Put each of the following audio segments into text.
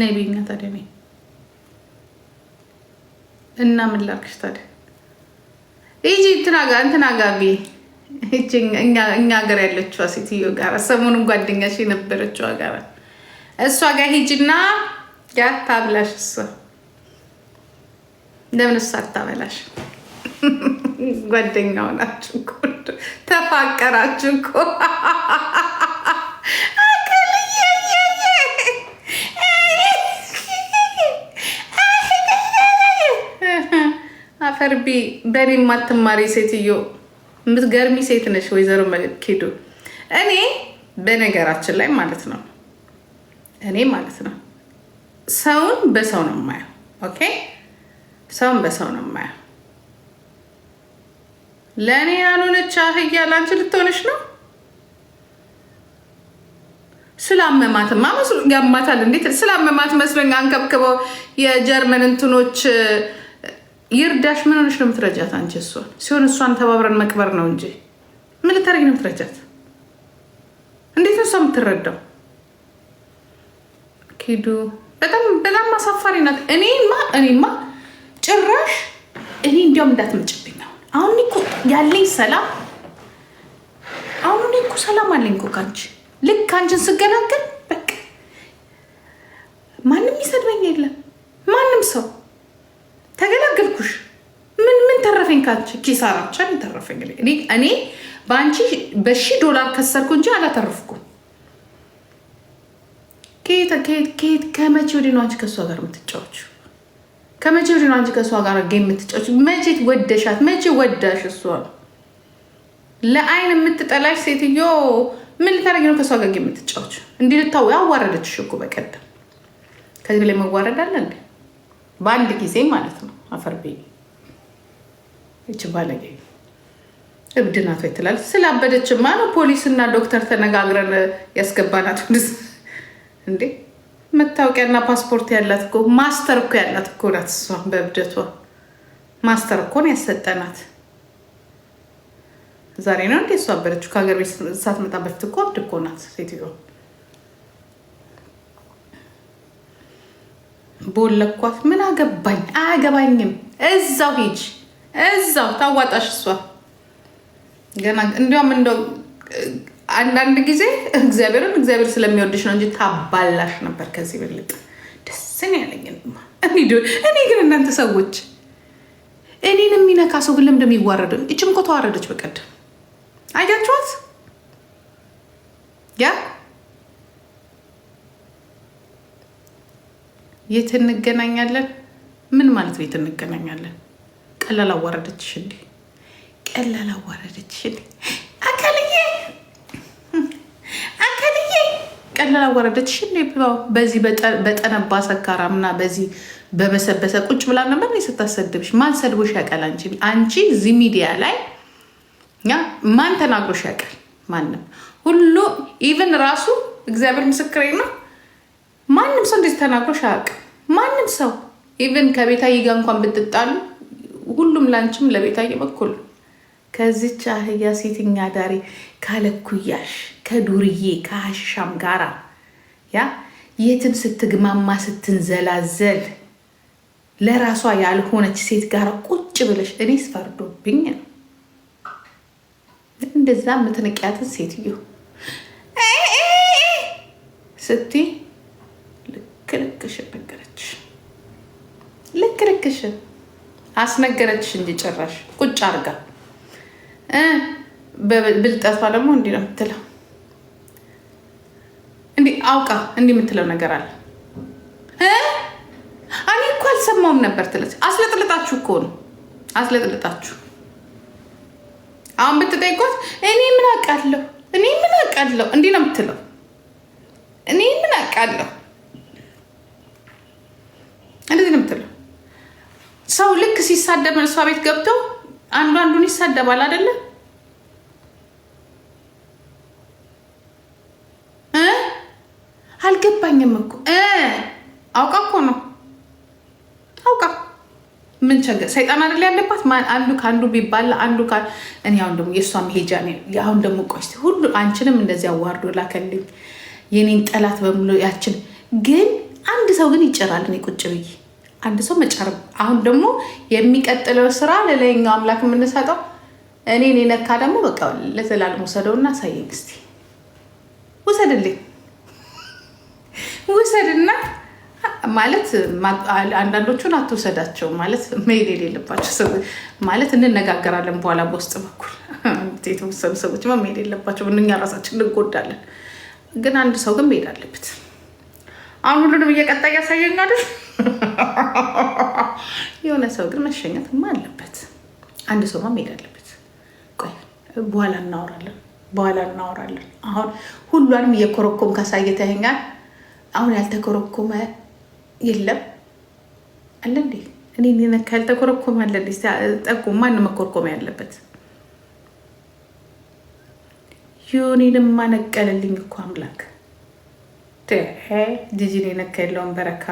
ነይ በይኛ ታዲያ ነይ እና ምን ላልክሽ ታዲያ ይጂ እንትናጋ እንትናጋ እኛ ሀገር ያለችዋ ሴትዮ ጋር ሰሞኑን ጓደኛሽ የነበረችዋ ጋር እሷ ጋር ሂጂና ያታብላሽ። እሷ ለምን እሷ አታበላሽ? ጓደኛው ናችሁ ተፋቀራችሁ እኮ ከርቢ በእኔ የማትማሪ ሴትዮ የምትገርሚ ሴት ነች ወይዘሮ መኬዱ። እኔ በነገራችን ላይ ማለት ነው እኔ ማለት ነው ሰውን በሰው ነው የማየው። ኦኬ ሰውን በሰው ነው የማየው። ለእኔ ያልሆነች አህያ ላንቺ ልትሆነች ነው። ስላመማት ስላመማትማ ያማታል። እንዴት ስላመማት መስሎኝ አንከብክበው የጀርመን እንትኖች ይርዳሽ። ምን ሆነሽ ነው የምትረጃት አንቺ? እሷን ሲሆን እሷን ተባብረን መቅበር ነው እንጂ ምን ልታረጊ ነው የምትረጃት? እንዴት ነው እሷ የምትረዳው? ኪዱ በጣም በጣም አሳፋሪ ናት። እኔማ እኔማ ጭራሽ እኔ እንዲያውም እንዳትመጭብኝ ነው አሁን እኮ ያለኝ ሰላም አሁን እኔ እኮ ሰላም አለኝ እኮ ከአንቺ ልክ አንቺን ስገናገል ኪሳራችን የተረፈ እንግዲህ እኔ በአንቺ በሺህ ዶላር ከሰርኩ እንጂ አላተረፍኩም። ከየት ከመቼ ወዲህ ነው አንቺ ከእሷ ጋር የምትጫወችው? ከመቼ ወዲህ ነው አንቺ ከእሷ ጋር ጌ የምትጫወችው? መቼ ወደሻት? መቼ ወዳሽ? እሷ ለአይን የምትጠላሽ ሴትዮ ምን ልታደርጊ ነው ከእሷ ጋር ጌ የምትጫወችው? እንዲህ ልታው አዋረደችሽ እኮ በቀደም። ከዚህ በላይ መዋረድ አለ እንዴ? በአንድ ጊዜ ማለት ነው አፈር ቤ ይች ባለጌ እብድ ናት ወይ ትላለች። ስላበደችማ ነው ፖሊስና ዶክተር ተነጋግረን ያስገባናት። እንዴ መታወቂያና ፓስፖርት ያላት እኮ ማስተር እኮ ያላት እኮ ናት። እሷ በእብደቷ ማስተር እኮን ነው ያሰጠናት። ዛሬ ነው እንዴ እሷ አበደችው? ከሀገር ቤት ሳትመጣ በፊት እኮ እብድ እኮ ናት ሴትዮ። ቦለኳት ምን አገባኝ አያገባኝም። እዛው ሂጅ እዛው ታዋጣሽ እሷ ገና እንዲያውም እንደው አንዳንድ ጊዜ እግዚአብሔርን እግዚአብሔር ስለሚወድሽ ነው እንጂ ታባላሽ ነበር ከዚህ በለጠ ደስ ያለኝ። እኔ ግን እናንተ ሰዎች እኔን የሚነካ ሰው ግን ለምንድን ነው እችም እኮ ተዋረደች በቀደም አያችኋት። ያ የት እንገናኛለን? ምን ማለት ነው የት እንገናኛለን? ቀለላ አዋረደችሽ እንዴ? ቀለላ አዋረደችሽ እንዴ? አካልዬ አካልዬ ቀለላ አዋረደችሽ እንዴ? በዚህ በጠነባ ሰካራም እና በዚህ በበሰበሰ ቁጭ ብላ ነበር ስታሰድብሽ። ማን ሰድቦሽ ያውቃል? አንቺ አንቺ እዚህ ሚዲያ ላይ ማን ተናግሮሽ ያውቃል? ማንም ሁሉ ኢቨን ራሱ እግዚአብሔር ምስክሬ ነው። ማንም ሰው እንደዚህ ተናግሮሽ አያውቅም። ማንም ሰው ኢቨን ከቤታዬ ጋር እንኳን ብትጣሉ ሁሉም ላንቺም ለቤታዬ በኩል ከዚች አህያ ሴትኛ ዳሪ ካለኩያሽ ከዱርዬ ከሀሻም ጋራ ያ የትን ስትግማማ ስትንዘላዘል ለራሷ ያልሆነች ሴት ጋር ቁጭ ብለሽ እኔስ ስፈርዶብኝ ነው እንደዛ የምትንቅያትን ሴትዮ ስትይ ልክ ልክሽን ነገረች። ልክ ልክሽን አስነገረችሽ እንዲጨራሽ ጭራሽ ቁጭ አርጋ ብልጠቷ ደግሞ እንዲ ነው የምትለው። እንዲህ አውቃ እንዲ የምትለው ነገር አለ። እኔ እኮ አልሰማውም ነበር ትለች። አስለጥልጣችሁ እኮ ነው አስለጥልጣችሁ። አሁን ብትጠይቆት እኔ ምን አውቃለሁ፣ እኔ ምን አውቃለሁ፣ እንዲ ነው የምትለው። እኔ ምን አውቃለሁ፣ እንደዚህ ነው የምትለው። ሰው ልክ ሲሳደብ እሷ ቤት ገብቶ አንዱ አንዱን ይሳደባል አይደለ? አልገባኝም እኮ አውቃ እኮ ነው አውቃ። ምን ቸገር ሰይጣን አይደል ያለባት? አንዱ ከአንዱ ቢባል አንዱ እኔ አሁን ደግሞ የእሷ መሄጃ አሁን ደግሞ ቆስ ሁሉ አንችንም እንደዚህ አዋርዶ ላከልኝ የኔን ጠላት በሙሉ ያችን ግን አንድ ሰው ግን ይጭራል። እኔ ቁጭ ብዬ አንድ ሰው መጨረብ አሁን ደግሞ የሚቀጥለው ስራ ለላይኛው አምላክ የምንሰጠው እኔን የነካ ደግሞ በቃ ለዘላለም ውሰደው እና አሳየኝ እስኪ ውሰድልኝ ውሰድና ማለት አንዳንዶቹን አትውሰዳቸው ማለት መሄድ የሌለባቸው ማለት እንነጋገራለን በኋላ በውስጥ በኩል የተወሰኑ ሰዎች መሄድ የለባቸው እኛ ራሳችን እንጎዳለን ግን አንድ ሰው ግን መሄድ አለበት አሁን ሁሉንም እየቀጣ እያሳየኝ አይደል የሆነ ሰው ግን መሸኘትማ አለበት። አንድ ሰውማ መሄድ አለበት። ቆይ በኋላ እናወራለን፣ በኋላ እናወራለን። አሁን ሁሏንም እየኮረኮም ካሳየተኛል። አሁን ያልተኮረኮመ የለም አለ እንዴ? እኔ ነካ ያልተኮረኮመ አለ ጠቁ። ማን መኮርኮመ ያለበት? ዩኒን ማነቀለልኝ እኮ አምላክ። ጂጂን የነካ የለውን በረካ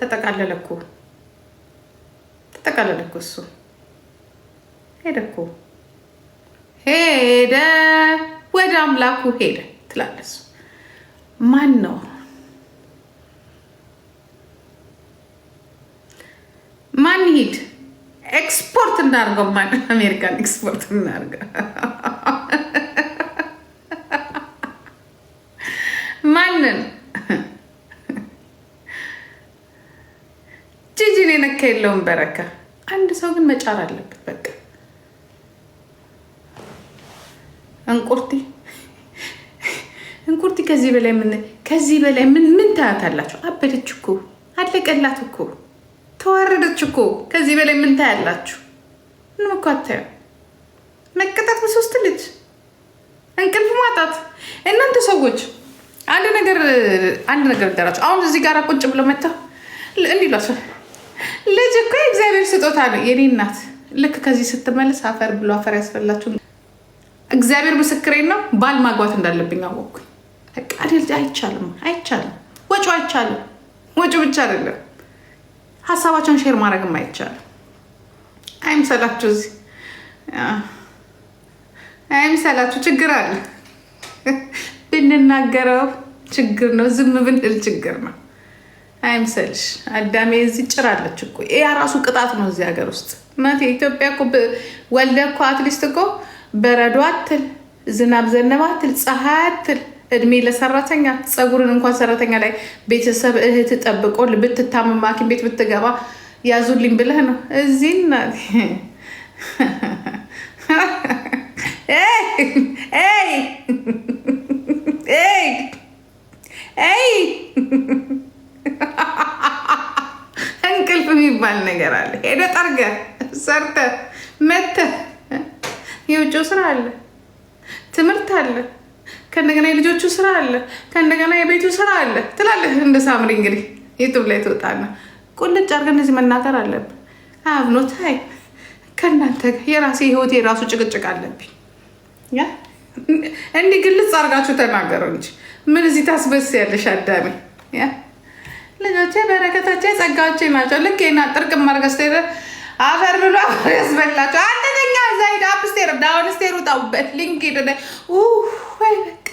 ተጠቃለለ እኮ ተጠቃለለ እኮ እሱ ሄደ እኮ ሄደ ወደ አምላኩ ሄደ ትላለሱ። ማን ነው ማን ሂድ ኤክስፖርት እናርገው? ማን አሜሪካን ኤክስፖርት እናርገው? የለውም በረከ። አንድ ሰው ግን መጫር አለበት። በቃ እንቁርቲ እንቁርቲ ከዚህ በላይ ምን ከዚህ በላይ ምን ምን ታያታላችሁ? አበደች እኮ አለቀላት እኮ ተዋረደች እኮ። ከዚህ በላይ ምን ታያላችሁ? ምንም እኮ አታዩ። መቀጣት በሶስት ልጅ እንቅልፍ ማጣት። እናንተ ሰዎች አንድ ነገር አንድ ነገር ገራችሁ። አሁን እዚህ ጋር ቁጭ ብሎ መታ እንዲሏስ ልጅ እኮ የእግዚአብሔር ስጦታ ነው። የኔ እናት ልክ ከዚህ ስትመለስ አፈር ብሎ አፈር ያስፈላችሁ። እግዚአብሔር ምስክሬን ነው። ባል ማግባት እንዳለብኝ አወቅኩ። እቃዴ ልጅ አይቻልም፣ አይቻልም፣ ወጪ አይቻልም። ወጪ ብቻ አይደለም ሀሳባቸውን ሼር ማድረግም አይቻልም። አይምሰላችሁ፣ እዚህ አይምሰላችሁ። ችግር አለ ብንናገረው ችግር ነው። ዝም ብንል ችግር ነው። አይምሰልሽ አዳሜ እዚህ ጭራለች እኮ ያ ራሱ ቅጣት ነው። እዚህ ሀገር ውስጥ መት ኢትዮጵያ እኮ ወልደ እኮ አትሊስት እኮ በረዶ አትል፣ ዝናብ ዘነበ አትል፣ ፀሐይ አትል። እድሜ ለሰራተኛ ፀጉርን እንኳን ሰራተኛ ላይ ቤተሰብ እህት ጠብቆ ብትታመም ሐኪም ቤት ብትገባ ያዙልኝ ብለህ ነው እዚህ እናቴ እንቅልፍ የሚባል ነገር አለ። ሄደ ጠርገ ሰርተ መተ የውጭው ስራ አለ፣ ትምህርት አለ፣ ከእንደገና የልጆቹ ስራ አለ፣ ከእንደገና የቤቱ ስራ አለ ትላለህ። እንደ ሳምሪ እንግዲህ ዩቱብ ላይ ትወጣና ቁልጭ አርገ እነዚህ መናገር አለብን። አብኖታይ ከእናንተ ጋር የራሴ ህይወት የራሱ ጭቅጭቅ አለብኝ። ያ እንዲህ ግልጽ አርጋችሁ ተናገረው እንጂ ምን እዚህ ታስበስ ያለሽ አዳሜ ልጆቼ በረከቶቼ ጸጋዎቼ ናቸው። ልክ ና ጥርቅ አድርገህ አፈር ብሎ አፈር ያስበላቸው። አንደኛ እዛ ሄደህ አፕስቴር ዳውን ስቴር ውጣውበት ሄደ ወይ በቃ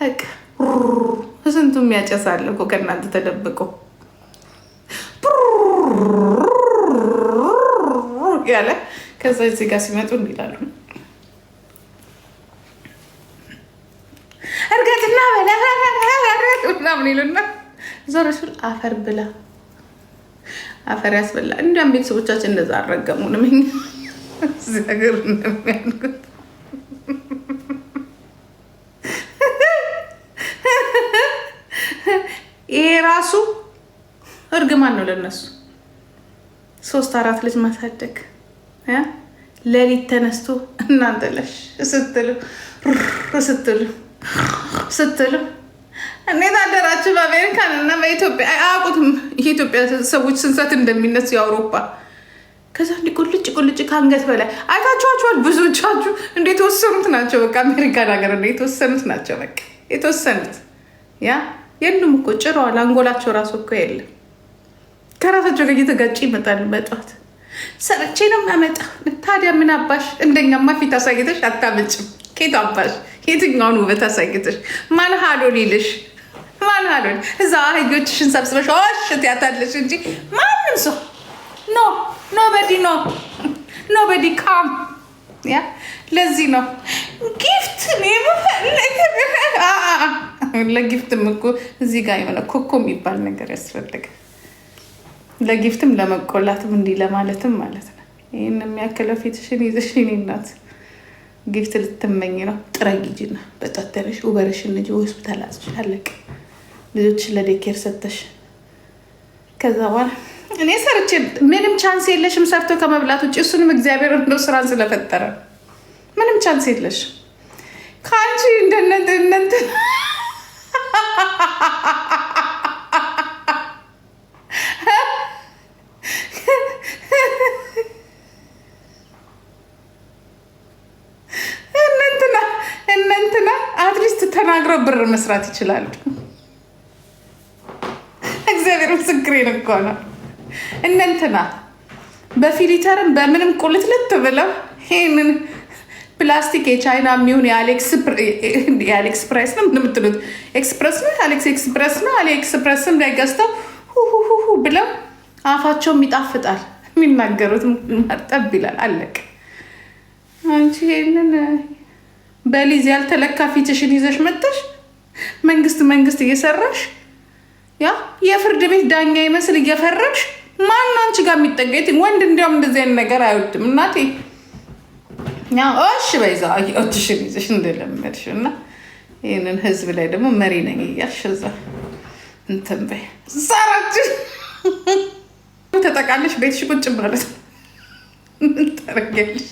በቃ ስንቱ የሚያጨሳል እኮ ከእናንተ ተደብቆ ያለ ከዛ እዚህ ጋር ሲመጡ እንዲላሉ እርገትና በለ ምናምን ይሉና እዛ ረሱል አፈር ብላ አፈር ያስበላ። እንዲያም ቤተሰቦቻችን እንደዛ አልረገሙንም። እዚህ ሀገር እንደሚያልኩት ይሄ ራሱ እርግማን ነው ለነሱ። ሶስት አራት ልጅ ማሳደግ ሌሊት ተነስቶ እናንተለሽ ስትሉ ስትሉ ስትሉ እንዴት አደራችሁ? በአሜሪካን እና በኢትዮጵያ አያውቁትም። የኢትዮጵያ ሰዎች ስንሰት እንደሚነሱ የአውሮፓ ከዛ እንዲ ቁልጭ ቁልጭ ከአንገት በላይ አይታችኋችኋል። ብዙዎቻችሁ እንደ የተወሰኑት ናቸው። በቃ አሜሪካን ሀገር እንደ የተወሰኑት ናቸው። በቃ የተወሰኑት ያ የሉም እኮ ጭረዋል። አንጎላቸው ራሱ እኮ የለም። ከራሳቸው ጋር እየተጋጭ ይመጣሉ። በጠዋት ሰርቼ ነው የሚያመጣ። ታዲያ ምን አባሽ እንደኛማ ፊት አሳይተሽ አታመጭም። ኬት አባሽ የትኛውን ውበት አሳይተሽ ማን ሀዶ ሊልሽ ማን ሀዶ እዛ አህዮችሽን ሰብስበሽ ሽ ያታለሽ እንጂ ማንም ሰው ኖ ኖበዲ ኖ ኖበዲ ካም ያ ለዚህ ነው ጊፍት ለጊፍትም እኮ እዚህ ጋር የሆነ ኮኮ የሚባል ነገር ያስፈልጋል። ለጊፍትም ለመቆላትም እንዲህ ለማለትም ማለት ነው። ይህን የሚያክለው ፊትሽን ይዘሽ እኔ እናት ግፍት ልትመኝ ነው። ጥረጊ ሂጂና በጣተረሽ ውበረሽን እንጂ ሆስፒታል አጽሽ አለቅ ለዴኬር ሰተሽ ከዛ በኋላ እኔ ሰርቼ ምንም ቻንስ የለሽም ሰርቶ ከመብላት ውጭ። እሱንም እግዚአብሔር እንደው ስራን ስለፈጠረ ምንም ቻንስ የለሽ ከአንቺ እንደነንትን መስራት ይችላሉ። እግዚአብሔር ምስክሬን እኮ ነው። እነንትና በፊሊተርም በምንም ቁልትልት ብለው ይህንን ፕላስቲክ የቻይና የሚሆን የአሊኤክስፕሬስ ነው የምትሉት ኤክስፕረስ ነው አሌክስ ኤክስፕረስ ነው አሊኤክስፕረስም ላይ ገዝተው ሁሁሁ ብለው አፋቸውም ይጣፍጣል፣ የሚናገሩት ጠብ ይላል። አለቅ አንቺ ይህንን በሊዝ ያልተለካ ፊትሽን ይዘሽ መጥተሽ መንግስት መንግስት እየሰራሽ ያ የፍርድ ቤት ዳኛ ይመስል እየፈረድሽ ማን አንቺ ጋር የሚጠገት ወንድ እንዲያውም እንደዚህ አይነት ነገር አይወድም። እናቴ እሺ በይዛ ኦትሽን ይዘሽ እንደለመድሽ እና ይህንን ህዝብ ላይ ደግሞ መሪ ነኝ እያልሽ እዛ እንትን በይ ዛራችን ተጠቃለሽ ቤትሽ ቁጭ ማለት ምን ታረጊያለሽ?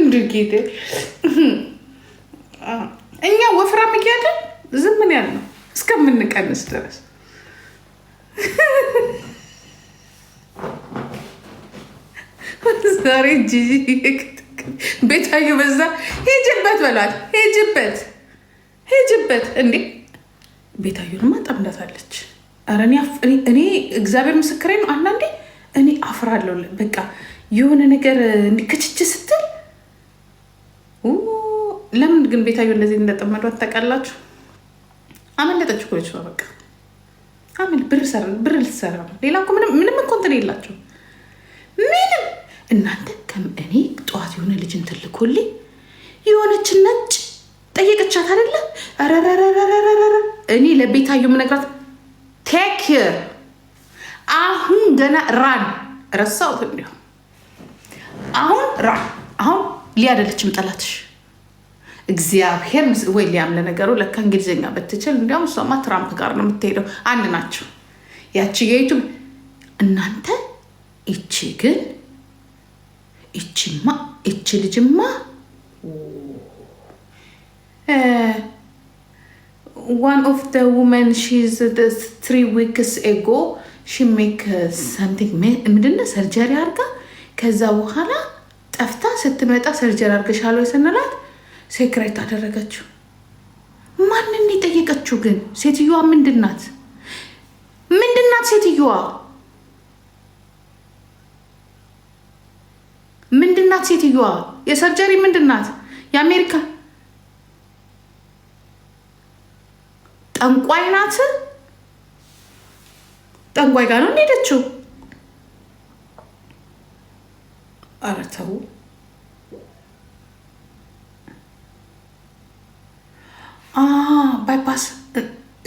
እንዱ ጌዴ እኛ ወፍራም እያለን ዝም ምን ነው እስከምንቀንስ ድረስ ዛሬ ጂጂ ቤታዩ በዛ ሄጅበት በሏል። ሄጅበት ሄጅበት እንዴ ቤታዩንማ ጠምዳታለች። ኧረ እኔ እግዚአብሔር ምስክሬ ነው። አንዳንዴ እኔ አፍራለሁ። በቃ የሆነ ነገር ለምን ግን ቤታዩ እንደዚህ እንደጠመዱ ታውቃላችሁ? አመለጠች እኮ ልጅቷ በቃ አመል ብር ብር ልትሰራ ነው። ሌላ እኮ ምንም እኮ እንትን የላቸው ምንም። እናንተ እኔ ጠዋት የሆነ ልጅ እንትን ልኮልኝ የሆነች ነጭ ጠየቀቻት አይደለ? ረረረረረረ እኔ ለቤታዩ የምነግራት ቴክ አሁን ገና ራን ረሳሁት እንዲሁ አሁን ራን አሁን ሊያደለችም ጠላትሽ እግዚአብሔር ዊሊያም ለነገሩ ለካ እንግሊዝኛ ብትችል እንዲያውም እሷማ ትራምፕ ጋር ነው የምትሄደው። አንድ ናቸው። ያቺ የዩቱብ እናንተ እቺ ግን እቺማ እቺ ልጅማ ዋን ኦፍ ደ ውመን ሺዝ ትሪ ዊክስ ኤጎ ሺ ሜክ ሰምቲንግ ሰርጀሪ አድርጋ ከዛ በኋላ ጠፍታ ስትመጣ ሰርጀሪ አርገሻለ ወይ ስንላት ሴክሬት አደረገችው። ማንን የጠየቀችው ግን? ሴትዮዋ ምንድናት? ምንድናት? ሴትዮዋ ምንድናት? ሴትዮዋ የሰርጀሪ ምንድናት? የአሜሪካ ጠንቋይ ናት። ጠንቋይ ጋር ነው እንሄደችው። ኧረ ተው። ጳጳስ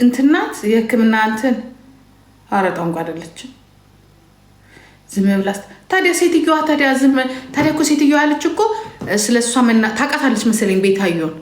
እንትናት የህክምና እንትን አረ ጣንቋ አይደለችም። ዝም ብላስ ታዲያ ሴትዮዋ ታዲያ ዝም ታዲያ እኮ ሴትዮዋ ያለች እኮ ስለ እሷ ታውቃታለች መሰለኝ ቤታየውን